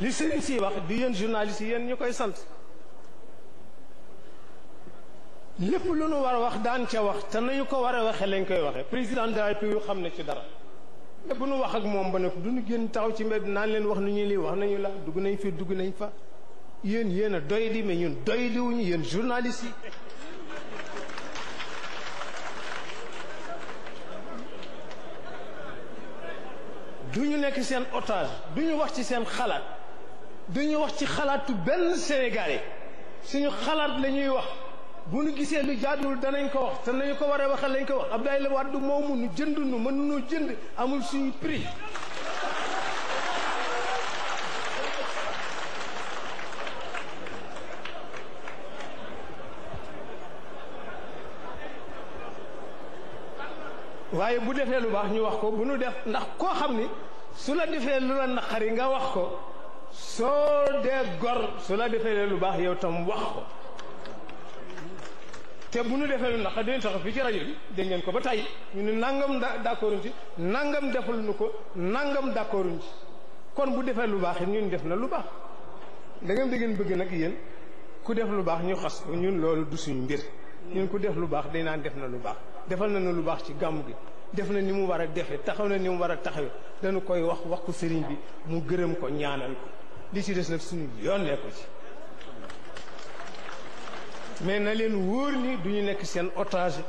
li sëriñ si wax di yéen journaliste yi yéen ñu koy sant lépp lu nu war a wax daan ca wax te nañu ko war a waxee lañ koy waxee président de la xam ne ci dara te nu wax ak moom ba ne ko du ñu génn taxaw ci mbedd naa leen wax nu ñu lii wax nañu la dugg nañ fi dugg nañ fa yéen yéen a doy di mais ñun doy di wuñu yéen journaliste yi du ñu nekk seen otage du ñu wax ci seen xalaat duñu wax ci xalaatu benn sénégalais suñu xalaat la ñuy wax bu nu gisee lu jaaduwul danañ ko wax te nañu ko waree waxal lañ ko wax Abdoulaye Wade moomu nu jënd nu mënuñoo jënd amul suñu prix waaye bu defee lu baax ñu wax ko bu nu def ndax koo xam ni su la defee lu la naqari nga wax ko soo dee gor su la defee lu baax yow tam wax ko te bu nu defee lu naqa dén tax fii ci rajo bi dégg ko ba tey ñu ne nangam d'accorduñ ci nangam deful nu ko nangam d'accorduñ ci kon bu defee lu baax it ñun def na lu baax da ngeen da ngeen bëgg nag yéen ku def lu baax ñu xas ko ñun loolu du suñ mbir ñun ku def lu baax day naan def na lu baax defal na lu baax ci gàmm gi def na ni mu war a defee taxaw na ni mu war a taxawee dañu koy wax wax ko sëriñ bi mu gërëm ko ñaanal ko li ci des nag suñu yoon nekku ci mais na leen wóor ni duñu nekk seen otage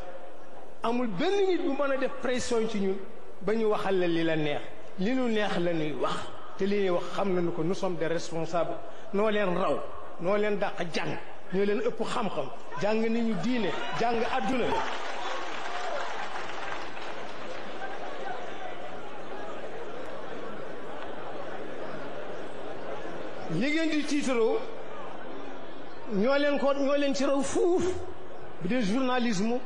amul benn nit bu mën a def pression ci ñun ba ñu waxal la li la neex li ñu neex la ñuy wax te li ñuy wax xam nañu ko nous sommes des responsables noo leen raw noo leen dàq jàng ñoo leen ëpp xam-xam jàng nañu diine jàng àdduna li ngeen di tiitaroo ñoo leen ko ñoo leen ci raw fuuf bi dee journalisme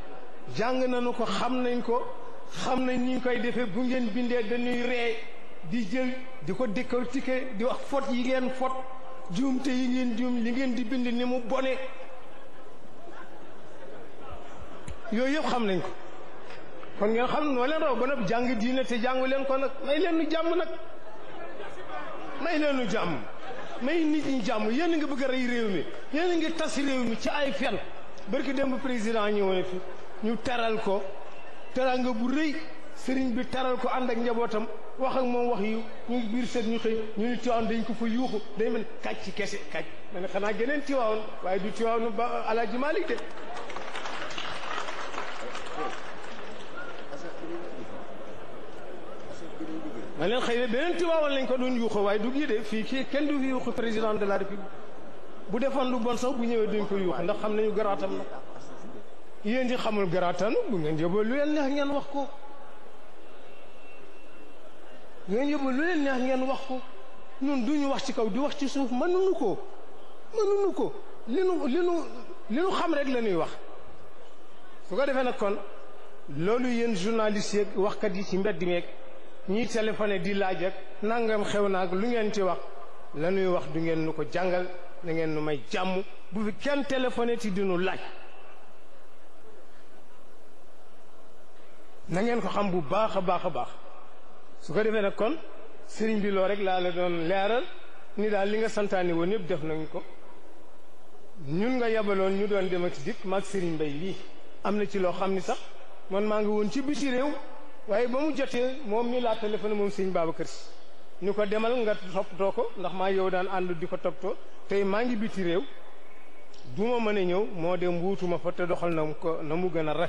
jàng nañu ko xam nañ ko xam nañ ni koy defe bu ngeen bindee dañuy ree di jël di ko décortiquer di wax fot yi ngeen fot juumte yi ngeen juum li ngeen di bind ni mu bone yooyu yëpp xam nañ ko kon ngeen xam noo leen raw ba nag jàng diine te jàngu leen ko nag may leen nu jàmm nag may leen nu jàmm may nit ñi jàmm yéen nga bëgg rey réew mi yéen ngi tas réew mi ci ay fen barki démb président ñëwoon fi ñu taral ko nga bu rëy sëriñ bi taral ko ànd ak njabootam wax ak moom wax yu ñu biir seet ñu xëy ñu ni tiwaawoon dañ ko fa yuuxu day mel kàcc kese kàcc ma ne xanaa geneen tiwaawoon waaye du tiwaawoon ba alaaji Maalik de ma leen xëy na beneen Tiwaawan lañ ko doon yuuxoo waaye du gii de fii kii kenn du fi yuuxu président de la république bu defoon lu bon sax bu ñëwee duñ ko yuuxu ndax xam nañu garaatam na yéen di xamul garaatam bu ngeen yóbboo lu leen neex ngeen wax ko ngeen yóbboo lu leen neex ngeen wax ko ñun duñu wax ci kaw di wax ci suuf mënuñu nuko, mënuñu ko li nu li nu li nu xam rek la ñuy wax su ko defee nag kon loolu yéen journaliste yeeg waxkat yi ci mbedd meeg ñiy téléphoné di laaj nangam xew naag lu ngeen ci wax la wax du ngeen nu ko jàngal da ngeen nu may jàmm bu fi kenn téléphoné ti dinu laaj na ngeen ko xam bu baax a baax a baax su ko defee nag kon sëriñ biloo rek laa la doon leeral ni daal li nga santaani woon yëpp def nañ ko ñun nga yabaloon ñu doon deme ak dikk maag sëriñ Mbay lii am na ci loo xam ni sax mon maa ngi woon ci ci réew waaye ba mu jotee moom ñu laa téléphone moom sëñ Babacar Si ñu ko demal nga toppatoo ko ndax maa yow daan ànd di ko toppatoo tey maa ngi biti réew duma mën a ñëw moo dem wuutuma fa te doxal na mu ko na mu gën a rafet